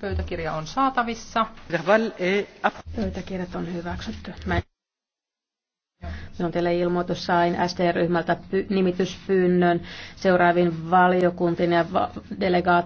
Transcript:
Pöytäkirja on saatavissa. E Pöytäkirjat on hyväksytty. Minun teille ilmoitus sain sd ryhmältä nimityspyynnön seuraaviin valiokuntiin ja va- delegaatioihin.